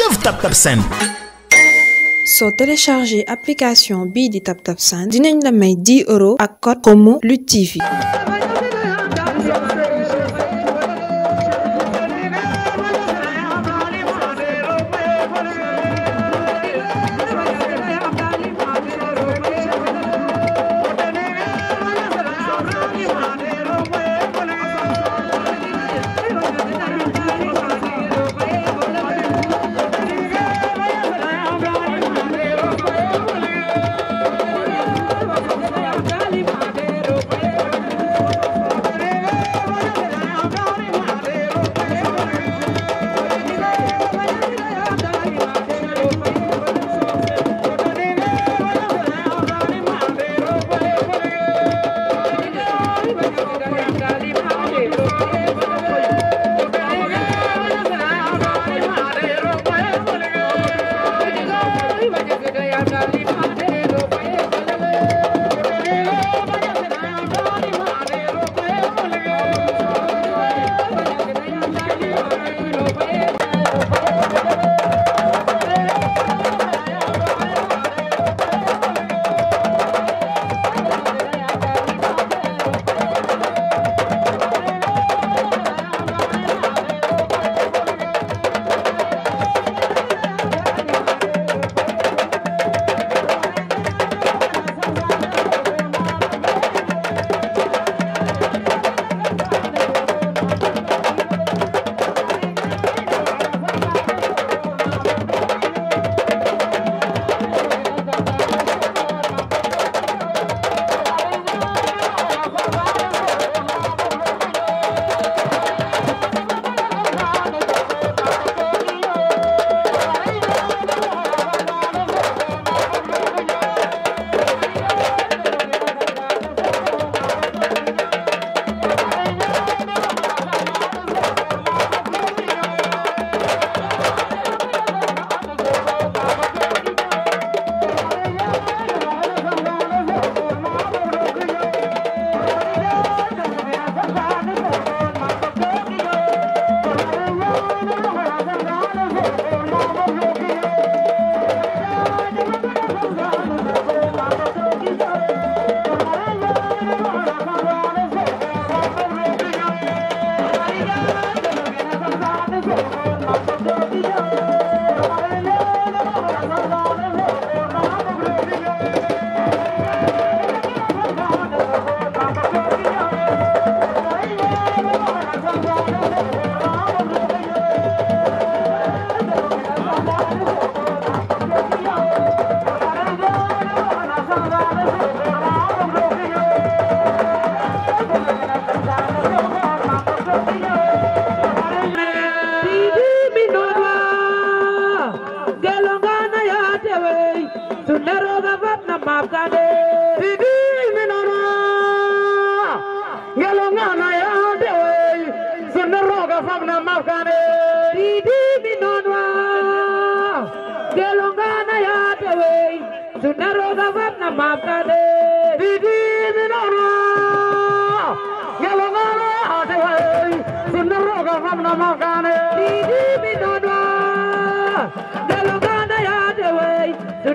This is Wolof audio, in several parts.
jëf TapTap Send soo téléchargé application bii di tab TapTap Send dinañ la may 10 euros ak code TV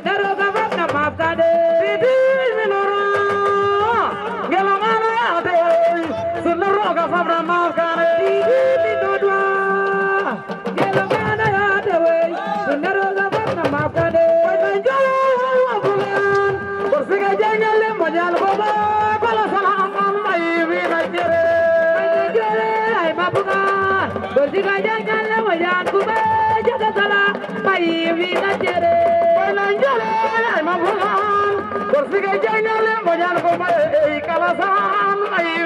Dero Siga jangale mo ñaan ko may eh, eh, kala saan ay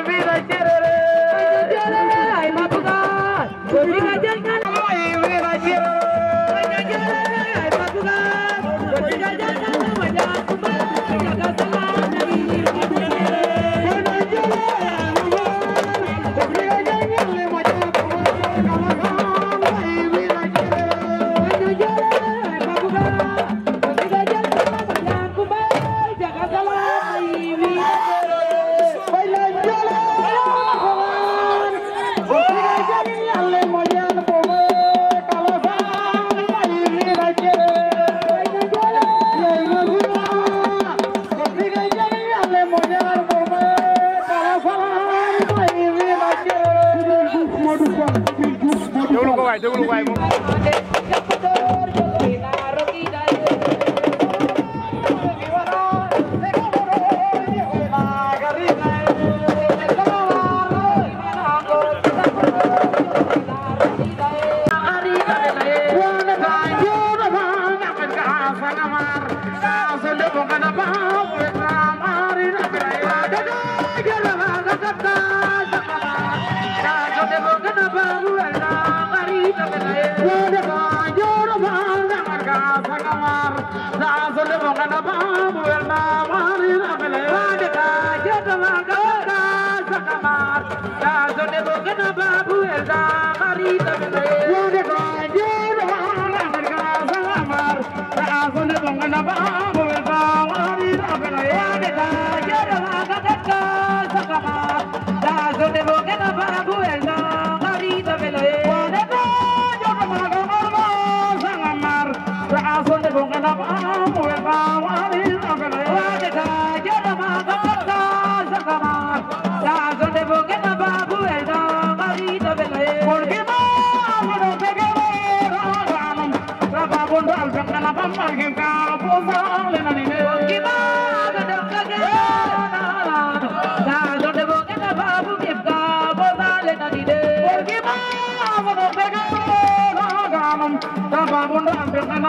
sagamar la sole bongana babu el mamari la bele wade ka jeta wanga ka sagamar la sole bongana babu el mamari la bele wade ka jeta wanga ka sagamar la sole bongana babu el mamari la bele wade ka jeta wanga ka sagamar la sole bongana babu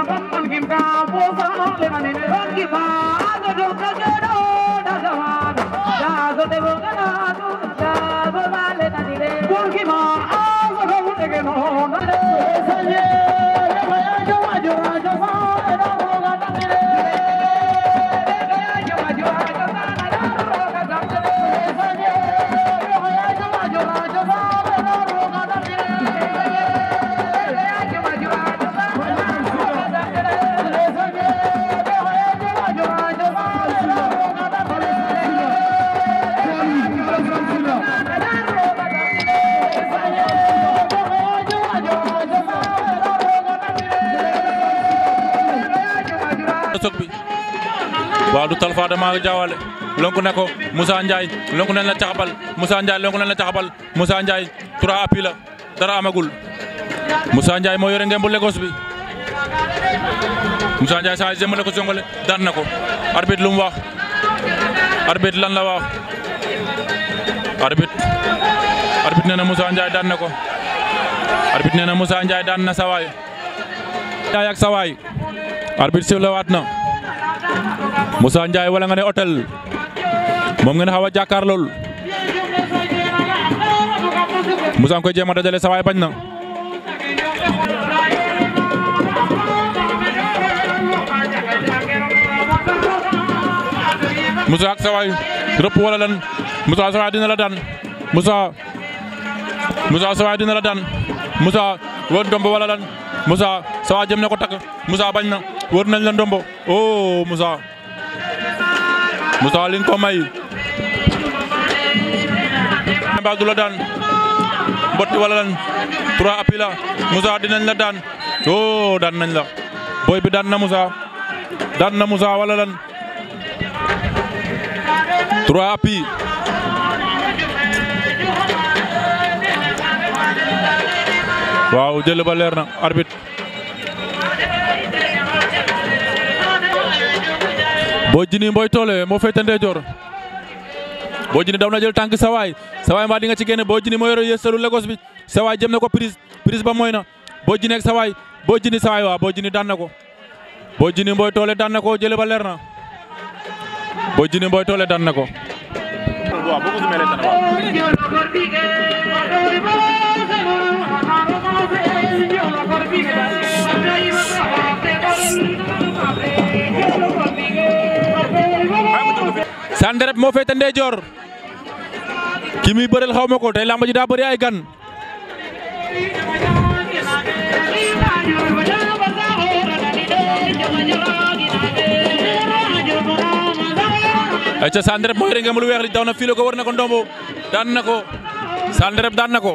மகன் மன்கின்றான் போசாலை மனிதன் வாங்கி பாதோ ககே du tal maa jaawale lonku na ko Moussa Ndiaye lonku nañ la caxabal Moussa Ndiaye lonku nañ la caxabal Moussa Ndiaye trois appuis la dara amagul Moussa Ndiaye moo yore ngembu Lagos bi Moussa Ndiaye saa jëmale ko songole daan na ko arbitre lu mu wax arbitre lan la wax arbitre arbitre nee na Moussa Ndiaye daan na ko arbitre nee na Moussa Ndiaye daan sawaay Ndiaye ak sawaay waat na Moussa Ndiaye wala nga moom ngeen xaw a jàkkaar lool Moussa nga koy jéem a dajale sa waay bañ na. Moussa ak sa wala lan Moussa sa waay dina la daan musa Moussa sa dina la daan Moussa woon domb wala lan Moussa sa waay jëm ko takk Moussa bañ na. wër nañ la ndombo oh Moussa Moussa li nga ko may. mbaa la daan mbotti wala lan trois appuis la Moussa dinañ la daan oh daan nañ la boy bi daan na Moussa daan na Moussa wala lan trois appuis waaw jël ba leer na arbitre Boy Djiny Mboye Tolé moo féete ndeyjoor Boy Djiny daw na jël tànk sawaay sawaay mbaa di nga ci génne Boy Djiny moo yore yéesalu Lagos bi sawaay jëm na ko prise prise ba mooy na Boy Djiny sawaay Boy Djiny sawaay waa Boy Djiny daan ko Boy Djiny Mboye Tolé daan na ko jële ba leer na Boy na ko Sanderep moo féete ndeyjoor ki muy bëreel xaw ma ko tey làmb ji daa bëri ay gan. ayca Sanderep mooy rek nga mu weex li daw na fii la ko war na ko ndombo daan na ko Sanderep daan na ko.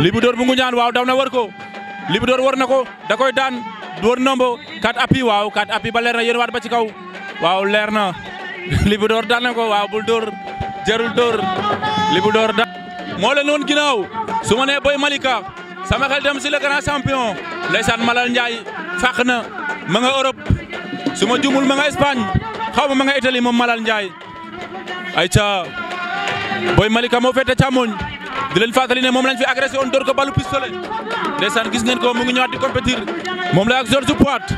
Libidor bu Ngunjaan waaw daw na war ko Libidor war na ko da koy daan war nombo kat api waaw kat api ba leer na yéen ba ci kaw waaw leer na Libidor daan na ko waaw bul dóor jarul dóor Libidor daan moo leen woon ginnaaw su ma nee Boy Malika sama xel dem si le grand champion ndeysaan Malal Ndiaye fàq na ma nga Europe su ma jumul ma nga Espagne xaw ma ma nga Italie moom Malal Ndiaye ayca Boy Malika moo féete càmmoñ di leen fàttali ne moom lañ fi agressé woon dóor ko balu pistolet ndeysaan gis ngeen ko mu ngi ñëwaat di compétir moom la ak George Poite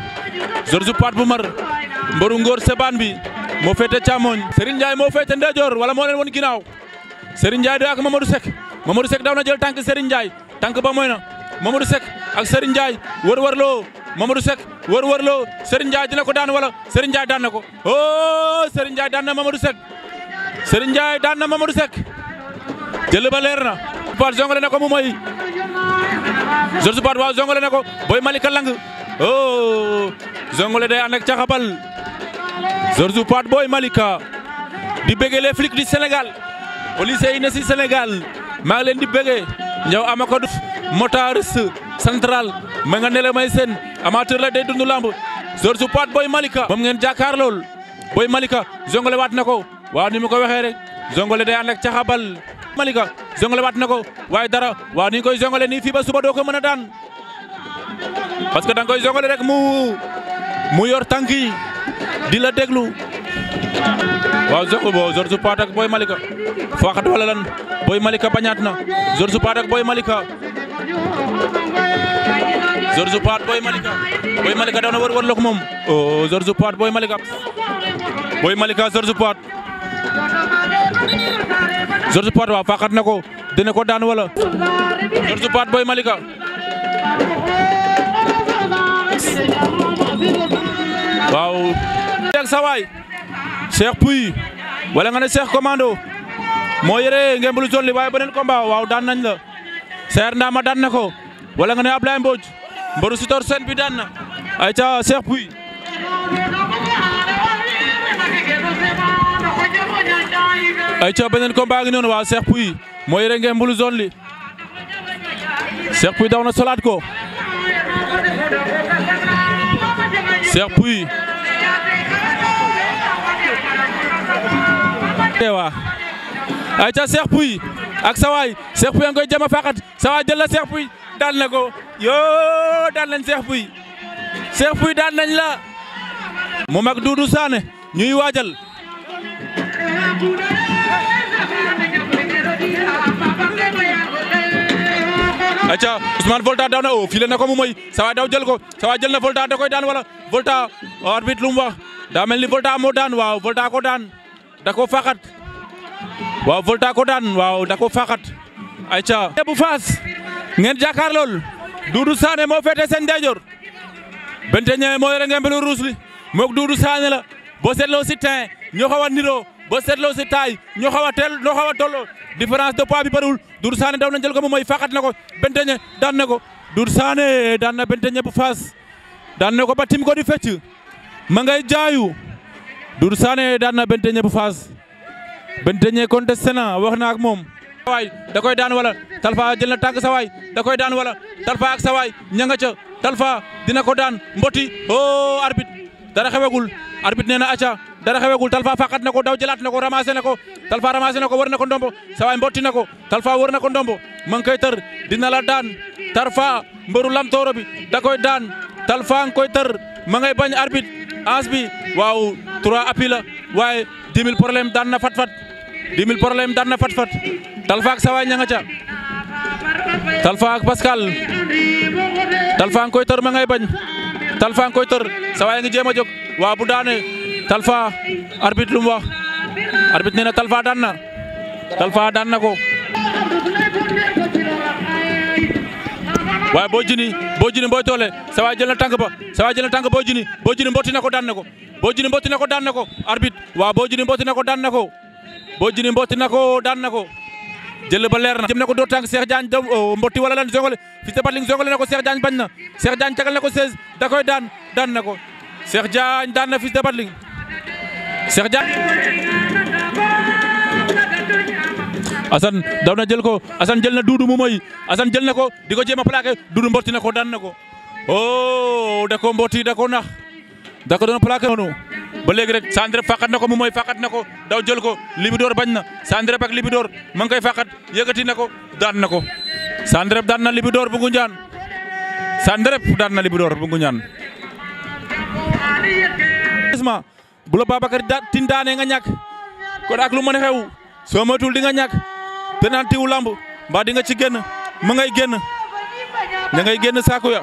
George Poite bu mar mbaru ngóor sebaan bi moo féete càmmoñ Serigne Ndiaye moo féete ndeyjoor wala moo leen won ginnaaw Serigne Ndiaye do ak Mamadou Seck Mamadou Seck daw na jël tànk Serigne Ndiaye tànk ba mooy na Mamadou Seck ak Serigne Ndiaye wër-wër loo moom Mamadou sek wor wër loo Serigne Ndiaye dina ko daan wala Serigne Ndiaye daan na ko oh Serigne Ndiaye daan na Mamadou Seck Serigne Ndiaye daan na jël ba leer na ko mu moy George Paat waaw jongale na ko Boy Malika lang oh jongale day ànd ak caxabal George Paat Boy Malika di bëggee les flics du Sénégal police yi ne si Sénégal maa ngi leen di bëggee ñëw ama ko duf motardus central ma nga nele may seen amateur la day dundu lamb George Paat Boy Malika moom ngeen jàkkaar lool Boy Malika jongale waat na ko waaw ni mu ko waxee rek jongale day ànd ak caxabal Malika zongale waat na ko waaye dara waa ni koy zongale nii fii ba suba doo ko mën a daan parce que dang koy zongale rek mu mu yor tànk yi di la déglu waaw zongale bo George Paat ak Boy Malika faaxat wala lan Boy Malika bañaat na George Paat ak Boy Malika George Paat Boy Malika Boy Malika daw na moom oh George Paat Boy Malika George Paat waa faaxat na ko dina ko daan wala George Paat Boy Malika waaw ak sa waay Cheikh Pouy wala nga ne Cheikh Commando moo yore ngembulu jolli waaye beneen combat waaw daan nañ la Cheikh ma daan na ko wala nga ne Ablaye Mbodj mbaru si tor seen bi daan na ay ca Cheikh Pouy ay ca beneen combat ngi noonu waa Cheikh Pouye moo yore ngeen mbulu zone li Cheikh Pouye daw na solaat ko Cheikh Pouye waa ay ca Cheikh Pouye ak sawaay Cheikh Pouye ngoy jama faqat sawaay jël na Cheikh Pouye daan na ko yoo daan nañ Cheikh Pouye Cheikh Pouye daan nañ la moom mag Doudou Sané ñuy waajal aca Ousmane Volta daw na o file na ko mu moy sawa daw jël ko sawa jël na Volta da daan wala Volta arbitre lu mu wax Volta moo daan waaw Volta ko daan da ko waaw Volta ko daan waaw da ko faxat aca bu faas ngeen lool Doudou Sané moo féete seen ndeyjoor moo yore ngeen mbelu ruus li mook Doudou Sané la boo seetloo si tin ba seetloo si taay ñoo xaw a teel ñoo xaw a tolloo différence de poids bi bëriwul Doudou Sané daw na jël ko moom mooy faqat na ko benteñe daan na ko Doudou Sané daan na benteñe bu faas daan na ko ba tim ko di fecc ma ngay jaayu Doudou Sané daan na benteñe bu faas benteñe contesté na wax na ak moom sawaay da koy daan wala talfa jël na tànk sawaay da koy daan wala talfa ak sawaay ñanga ca talfa dina ko daan mboti o oh, arbitre dara xewagul arbitre nee na aca dara xewegul Talfa faqat na ko daw jëlaat na ko ramassé na ko Talfa ramassé na ko war na ko ndombo sa waay mbotti na ko Talfa war na ko ndombo ma koy tër dina la daan Talfa mbëru lamtooro bi da koy daan Talfa nga koy tër ma ngay bañ arbitre as bi waaw 3 appui la waaye 10 000 problème daan na fat fat 10 000 problème na fat fat Talfa ak sa waay ña nga ca Talfa ak Pascal Talfa nga koy tër ma ngay bañ Talfa nga koy tër sa waay nga jéem waaw bu daane Talfa arbitre lu mu wax arbitre nee na Talfa daan na Talfa daan na ko waaye boo jini boo jini booy toole sa waay jël na tànk ba sa waay jël na tànk boo jini boo jini mbotti na ko daan na ko boo jini mbotti na ko daan na ko arbitre waaw boo jini mbotti na ko daan na ko boo jini mbotti na ko daan na ko jël ba leer na jëm na ko doo tànk Cheikh Diagne do oh, mbotti wala lan zongole fils de Batling zongole na ko Cheikh Diagne bañ na Cheikh Diagne tagal na ko 16 da koy daan daan na ko Cheikh Diagne daan na fils de Batling Cheikh ja Assane daw na jël ko Assane jël na Doudou mu moy Assane jël na ko di ko jéem a plaqué Doudou mbotti na ko daan na ko oh da ko mbotti da nax dako ko doon plaqué noonu ba rek Sandré faqat na ko mu moy faqat na ko daw jël ko Libidor bañ na Sandré ak Libidor ma ngi koy faqat yëkkati na ko daan na ko Sandré daan na Libidor bu Ngoundiane Sandré daan na Libidor bu Ngoundiane bu la Babacar da nga ñàkk kon ak lu mën xew soo moytuwul di nga ñàkk te naan tiwu lamb mbaa di nga ci génn ma ngay génn ña ngay génn saako ya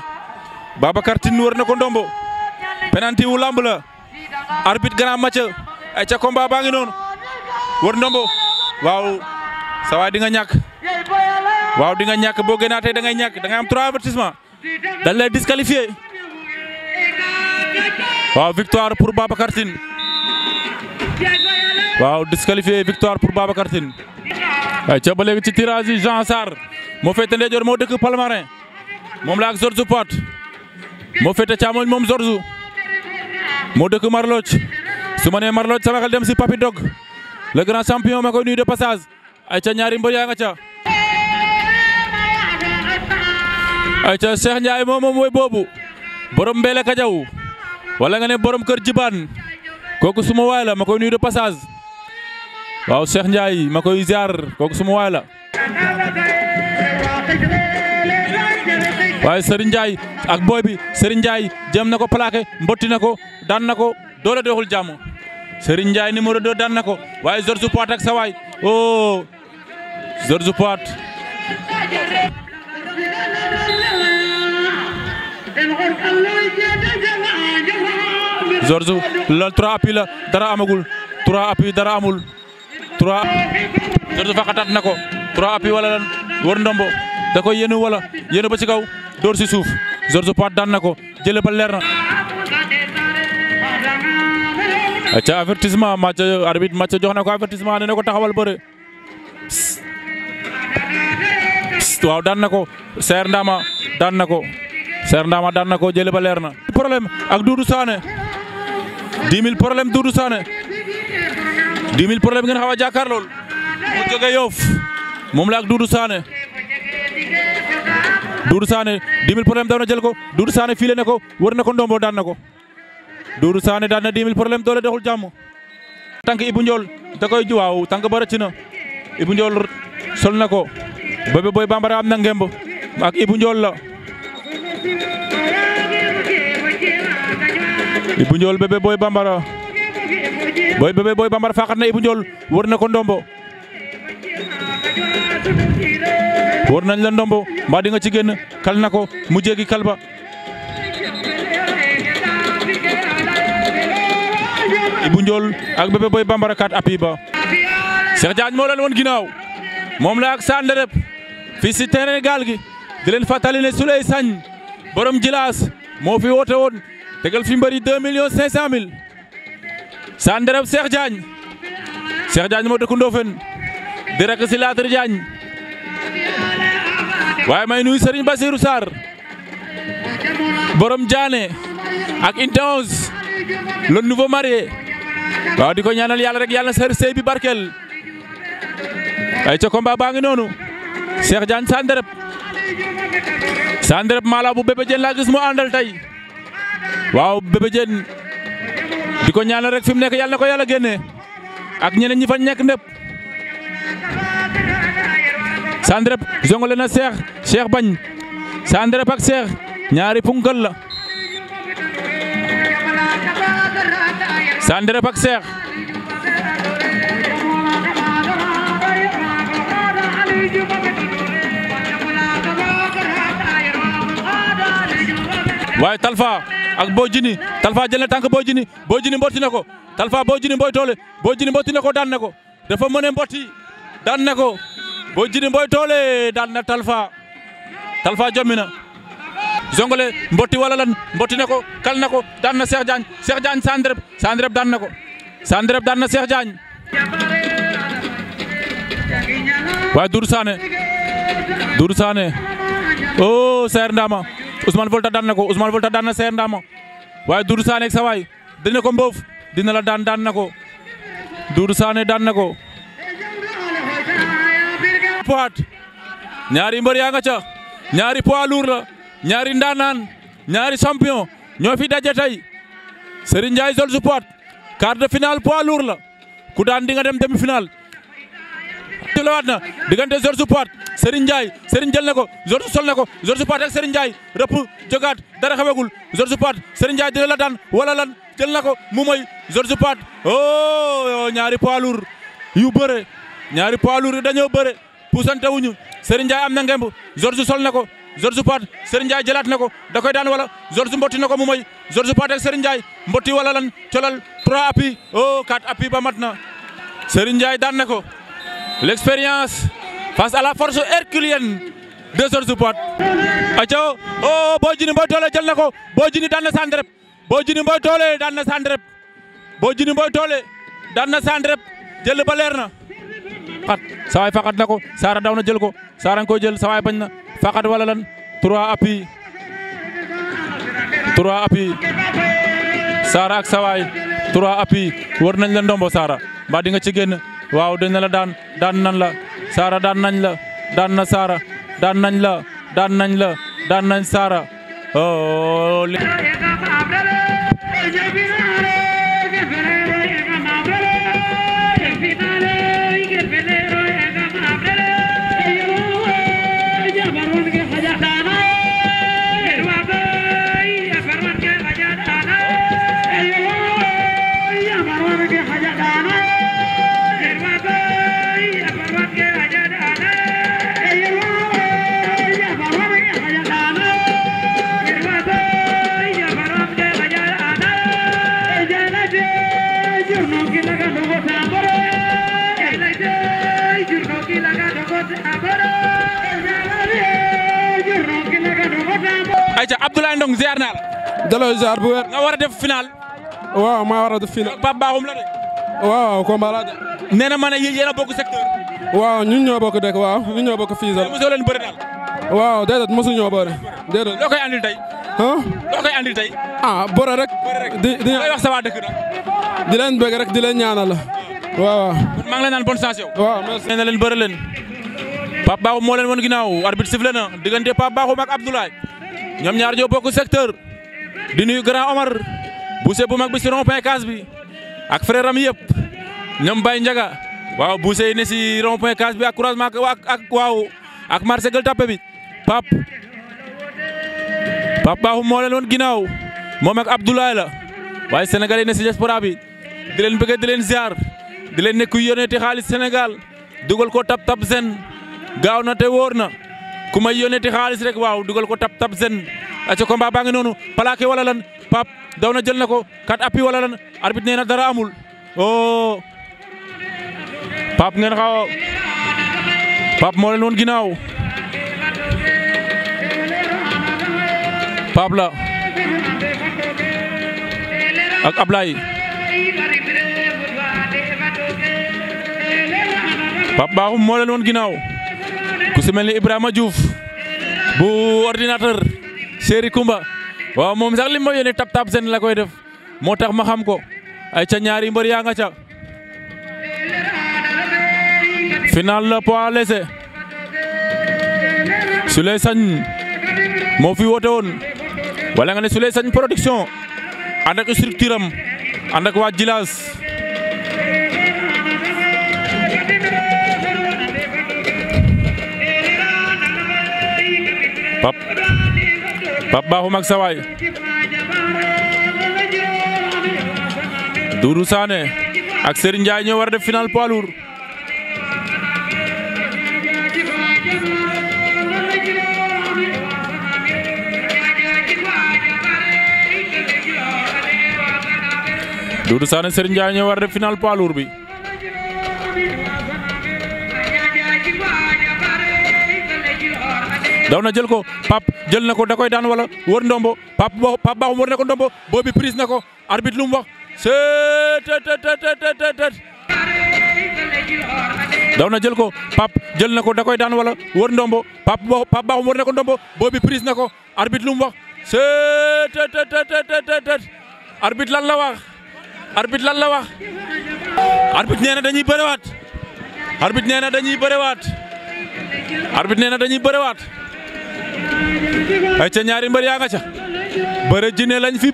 Babacar tin wër na ko ndombo penanti wu lamb la arbitre grand match ay ca combat baa ngi noonu wër ndombo waaw sa waay di nga ñàkk waaw di nga ñàkk boo génnaatee da ngay ñàkk da ngay am trois avertissement dañ lay disqualifié waaw victoire waaw disqualifié victoire pour Babacar Tine ay ca ba léegi ci tirage yi Jean Sarr moo féete ndeyjoor moo dëkk Palmarin moom la ak Georges Pot moo féete càmmoñ moom Georges moo dëkk Marloc su ma nee Marloc sama xel dem si Papi Dog le grand champion ma koy nuyu de passage ay ca ñaari mbër nga ca ay ca Cheikh Ndiaye moom moom mooy boobu borom Mbele Kajaw wala nga ne borom kër Jibaan kooku suma waay la ma koy nuyu de passage waaw Cheikh Ndiaye ma koy ziar kooku suma waay la waaye Serigne Ndiaye ak booy bi Serigne Ndiaye jëm na ko plaqué mbotti na ko daan na ko doole doxul jàmm Serigne Ndiaye numéro 2 daan na ko waaye George Poit ak sa waay oh George Poit George loolu trois appuis la dara amagul trois appuis dara amul trois Jordan na ko trois appuis wala lan wër ndombo da koy yéene wala yéene ba ci kaw dóor si suuf Jordan Poit daan na ko jëlee ba leer na. ca avertissement match arbitre match jox na ko avertissement nee ko taxawal bëre. waaw daan na ko Seer Ndama daan na ko Seer Ndama daan na ko jëlee ba leer na. problème ak Doudou Sané 10 000 problème Doudou Sané. 10 000 problème ngeen xaw a jàkkaar lool mu jóge Yoff moom la ak Doudou Sané Doudou Sané problème daw na jël ko Doudou saane file na ko wër na ko ndombo daan na ko Doudou Sané daan na 10 000 problème doole doxul jàmm. tànk Ibou Ndiol da koy waaw tànk ba rëcc na Ibou Ndiol sol na ko Bébé Boy Bambara am na ngemb ak Ibou Ndiol la. Ibou Ndiol Bébé Boy Bambara. booy bébé booy bambara faaxat na Ibou Ndiol wër na ko ndombo wër nañ la ndombo mbaa dinga nga ci génn kal na ko mu jéggi kal ba Ibou Ndiol ak bébé booy bambara kat api ba Cheikh Diagne moo leen woon ginnaaw moom la ak Sane Ndéréb fii si terrain gaal gi di leen fàttali ne Souleye Sagne borom jilaas moo fi woote woon tegal fi mbëri 2 millions 500 mille Sane Ndereb Cheikh Diagne Cheikh Diagne moo dëkk Ndofène di si Latir Diagne waaye may nuyu Serigne Bassirou Sarr borom Diané ak Intense le nouveau marié waaw di ko ñaanal yàlla rek yàlla na sëy bi barkel ay ca combat baa ngi noonu Cheikh Diagne Sane Ndereb Sane Ndereb bu Bébé laa gis mu àndal tey waaw Bébé di ko ñaanal rek fi mu nekk yàlla na ko yàlla génnee ak ñeneen ñi fa nekk ndëpp Sandrep jongale na Cheikh Cheikh bañ Sandrep ak Cheikh ñaari punkal la Sandrep ak Cheikh waaye Talfa ak Boy Djiny Talfa jël na tànk Boy Djiny Boy Djiny mbotti na ko Talfa Boy Djiny Mboy Tollé Boy Djiny mbotti na ko daan ko dafa mën a mbotti daan na ko Boy Djiny Mboy Tollé daan na Talfa Talfa jommi na Zongale mbotti wala lan mbotti na ko kal na ko daan na Cheikh Diagne Cheikh Diagne Sandrep Sandrep daan na ko Sandrep daan na Cheikh Diagne waaye Doudou Sané Doudou Sané oh Saer Ousmane Volta daan na ko Ousmane Volta daan na Seer Ndaama waaye Doudou Sané ak sa waay dina ko mboof dina la daan daan na ko Doudou Sané daan na ko. poids ñaari mbër yaa nga ca ñaari poids lourd la ñaari ndaanaan ñaari champion ñoo daje tey Serigne Ndiaye Jol Support quart de finale la ku daan di dem demi tulawaat na diggante George Poite Serigne Ndiaye Serigne jël na ko George sol na ko George Poite ak Serigne Ndiaye rëpp jogaat dara xewagul George Poite Serigne Ndiaye dina la daan wala lan jël na ko mu moy George Poite oh ñaari poids lourds yu bëre ñaari poids lourds dañoo bëre puusante wuñu Serigne Ndiaye am na ngemb George sol ne ko George Poite Serigne Ndiaye jëlaat na ko da koy daan wala George mbotti na ko mu moy George Poite ak Serigne Ndiaye mbotti wala lan colal trois appuis oh quatre mat na Serigne daan na ko l'expérience face à la force herculéenne de George Pot. aco oh Boy Djily Mboye Dollé jël na ko Boy Djily daan na sandrep Boy Djily Mboye Dollé na sandrep Boy Djily Mboye Dollé daan na sandrep jël ba leer na xat sawaay faxat na ko Saara daw na jël ko Saara nga jël sawaay bañ na faxat wala lan trois appuis trois appuis Saara ak sawaay trois appuis war nañ la ndombo Saara mbaa di nga ci génn waaw dañ daan daan nañ la saara daan nañ la daan na saara daan nañ la daan nañ la daan nañ saara oh, Ndong ziar naa la. delloo ziar bu wér. nga a def final. waaw maa war a def final. Pape Bakhoum la de. waaw combat la de. nee na ma a bokk secteur. waaw ñun ñoo bokk dëkk waaw ñun ñoo bokk waaw déedéet mosu ñoo bëri déedéet. Ah, rek. di di wax sa waa dëkk nag. di leen bëgg rek di leen ñaanal. waaw. kon waaw merci. nee na leen bëri leen. Pape Bakhoum moo leen woon ginnaaw arbitre sifflé na diggante Pape Bakhoum ak ñoom ñaar ñoo bokk secteur di nuy grand Omar buuse bu mag bi si rond-point bi ak frère am yëpp ñoom Baye Ndiaga waaw buuse yi ne si rond-point bi ak croisement ak waaw ak marché Gueule Tapée bi pap pap baaxum moo leen woon ginnaaw moom ak Abdoulaye la waaye sénégalais yi ne si diaspora bi di leen bëgg di leen ziar di leen nekk yónneeti xaalis Sénégal dugal koo tap tap zen gaaw na te wóor na. ku may yónneeti xaalis rek waaw dugal ko tap tap zen aca combat baa ngi noonu plaqué wala lan pap daw na jël na ko kat appi wala lan arbitre nee na dara amul o oh. pap ngeen xaw pap moo leen woon ginnaaw pap la ak Ablaye pap baaxum moo leen ginnaaw ku si mel ni Ibrahima Diouf bu ordinateur Séri Kumba waaw moom sax li ma yónnee tap tap seen la koy def moo tax ma xam ko ay ca ñaari mbër yaa nga ca final la poids léger Souley sañ moo fi woote woon wala nga ne Souley Sagne production ànd ak structure am ànd ak waa Jilas Pape Bakhoum ak Sawaay Doudou Sané ak Serigne Ndiaye ñoo war a def final poids lourd Doudou ñoo war a def bi daw na jël ko Pape jël na ko da koy daan wala wër ndombo Pape Ba Pape Ba ko ndombo boobi prise na ko arbitre mu wax seet teet daw na jël ko Pape jël na ko da koy daan wala wër ndombo Pape Ba Pape Ba wër na ko ndombo boobi na ko arbitre lu mu wax seet teet arbitre lan la wax lan la wax arbitre dañuy bëriwaat arbitre dañuy bëriwaat na dañuy bëriwaat ay ca ñaari mbër lañ fi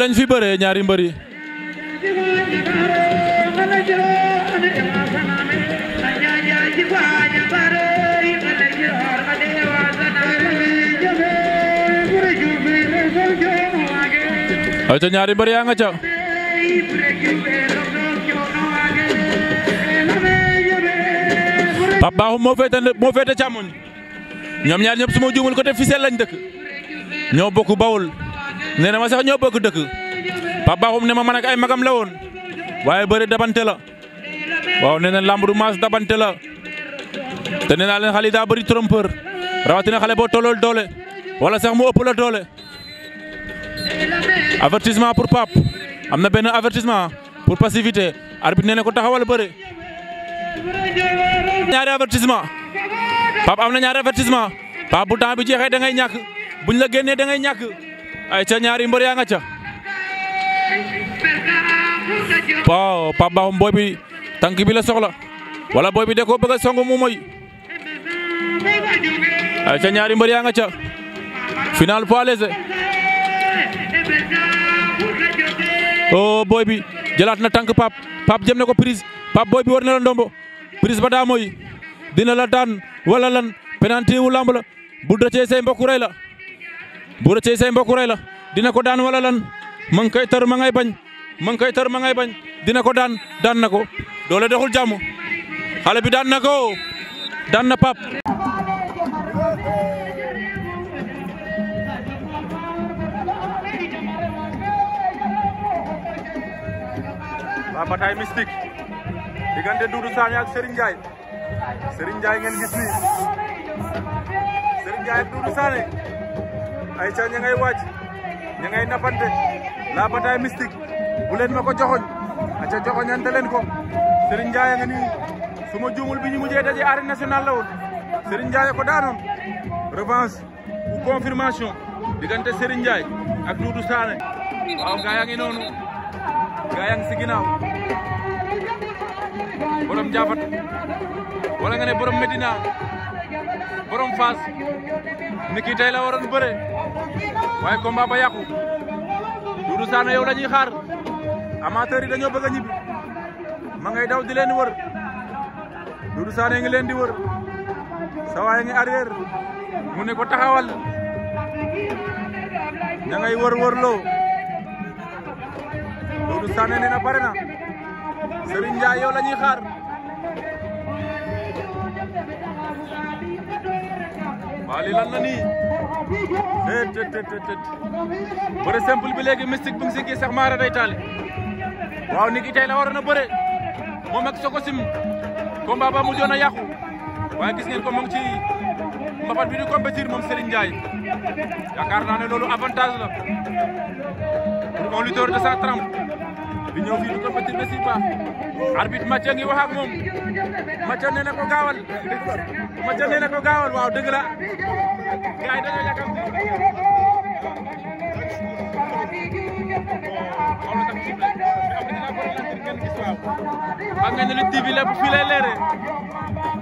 lañ fi ñaari mbër yi ay yaa nga ca Pape Bakhoum moo féete moo féete càmmoñ ñoom ñaar ñëpp su ma juumul côté Fissel lañ dëkk ñoo bokk Bawol nee na ma sax ñoo bokk dëkk Pape Bakhoum ne ma man ay magam la woon waaye bëri dabante la waaw nee na lamb du maas dabante la te nee naa leen xale yi daa bëri trompeur rawatina xale boo tollool doole wala sax mu ëpp la doole. avertissement pour Pape am na benn avertissement pour passivité arbitre nee na ko taxawal bëre. ñaari avertissement Pape am na ñaari avertissement Pape bu temps bi jeexee da ngay ñàkk buñ la génnee dangay ngay ay ca ñaari mbër yaa nga ca waaw Pape Bakhoum booy bi tànk bi la soxla wala booy bi da koo bëgg a song mu ay ca ñaari mbër yaa nga ca final poids léger oh booy bi jëlaat na tànk Pape Pape jëm na ko prise Pape booy bi war na la ndombo Brise ba daa mooy dina la daan wala lan penalty wu lamb bu rëccee say mbokku rey la bu say mbokku rey la dina ko daan wala lan ma ngi koy tar ma ngay bañ ma ngi koy tar ma ngay bañ dina ko daan daan na ko doole doxul jàmm xale bi daan na ko daan na pap diggante Doudou Sané ak Serigne Ndiaye Serigne Ndiaye ngeen gis nii Serigne Ndiaye ak Doudou Sané ay ca ña ngay wàcc ña ngay nappante la bu leen ma ko joxoñ aca joxoñante leen ko Serigne Ndiaye nga nii su ma juumul bi ñu mujjee daje arène nationale la woon Serigne Ndiaye ko daanoon revanche ou diggante Serigne Ndiaye ak Doudou Sané waaw gaa yaa noonu gaa yaa ngi ginnaaw borom Ndiaffate wala nga ne borom Medina borom Fass ni ki tey la waroon bëre waaye combat ba yàqu Doudou Sané yow la ñuy xaar amateur yi dañoo bëgg a ñibbi ma ngay daw di leen wër Doudou Sané ngi leen di wër sa ngi arrière mu ne ko taxawal da ngay wër wër loo Doudou Sané nee na pare na Serigne Ndiaye yow la ñuy xaar Wally lan la nii tët tët tët bëre simple bi léegi mystique bi nga si gis sax day taale waaw ni ki tey la waroon a bëre moom ak Sococim combat ba mujjoon a yàqu waaye gis ngeen ko moom ci mbapat bi di compétir moom Serigne Ndiaye yaakaar naa ne loolu avantage la pour un lutteur de sa trempe di ñëw fii di compétir ba si arbitre Mathieu ngi wax ak moom Mathieu nee na ko gaawal Mathieu nee na ko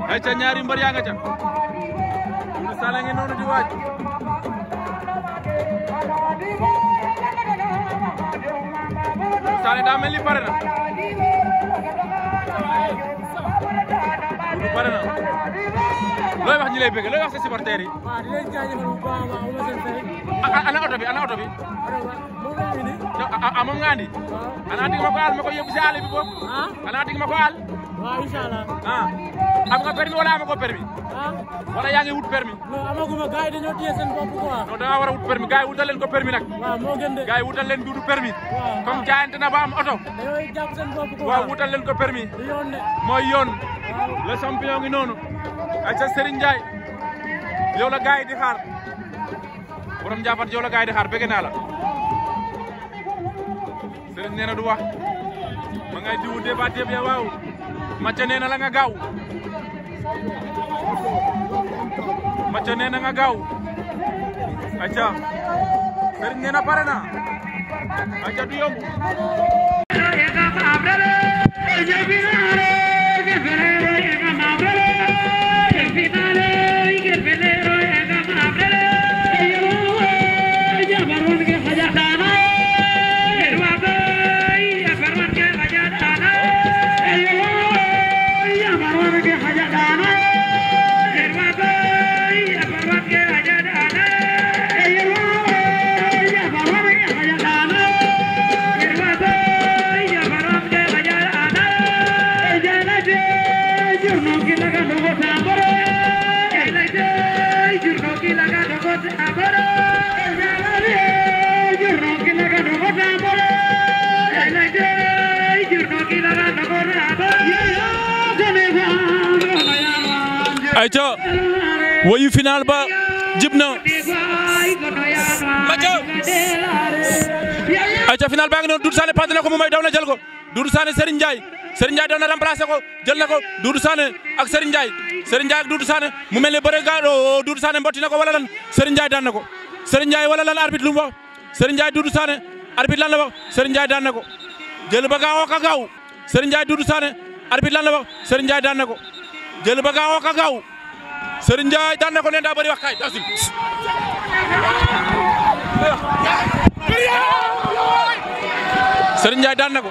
ay ca ñaari mbër yaa nga ngi noonu di waaj Doudou Sané daa mel na Doudou pare na looy wax ñi lay bëgg looy wax sa supporter yi. waaw di a baax ma seen fay. Ah, ah, ana oto bi ana oto bi. Ah, ah moom nga andi. waaw ana dig ma ko aal ma ko yóbbu si àll bi bopp. ah ana dig ma ko aal. waaw incha allah. ko permis. wala yaa wut permis. non amaguma gars yi dañoo téye a wut permis gars yi wutal leen ko permis nag. waaw moo gën de. gars yi wutal leen na ba am oto. dañoo jàpp seen bopp ko permis. mooy yoon. le champion ngi noonu ak sa Serigne Ndiaye yow gaay di xaar borom Ndiaffate yow la gaay di xaar bëgg naa la Serigne nee na du wax ma ngay diwu débat yëpp ya waaw Macha nee na nga gaaw Macha nee na nga gaaw na pare na du yomb de febrero. ca final baa ngi noonu Doudou Sané passe na ko mu may daw na jël ko Doudou Sané Serigne Ndiaye Serigne Ndiaye daw na remplacé ko jël na ko Doudou Sané ak Serigne Ndiaye Serigne Ndiaye ak Doudou Sané mu mel ne bëre ga oh, oh, Doudou Sané mbotti na ko wala lan Serigne Ndiaye daan na ko Serigne Ndiaye wala lan arbitre lu mu wax Serigne Ndiaye Doudou Sané arbitre lan la wax Serigne Ndiaye daan na ko jël ba gaawoo ka gaaw Serigne Ndiaye Doudou Sané arbitre lan la wax Serigne Ndiaye daan na ko jël ba gaawoo ka gaaw Serigne Ndiaye daan na ko nee daa bëri wax kay dasil Serigne Ndiaye daan na ko.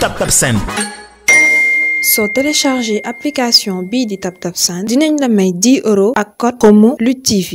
TapTap Send soo téléchargé application bii di TapTap Send dinañ la may 10 euros ak code comme Lutte TV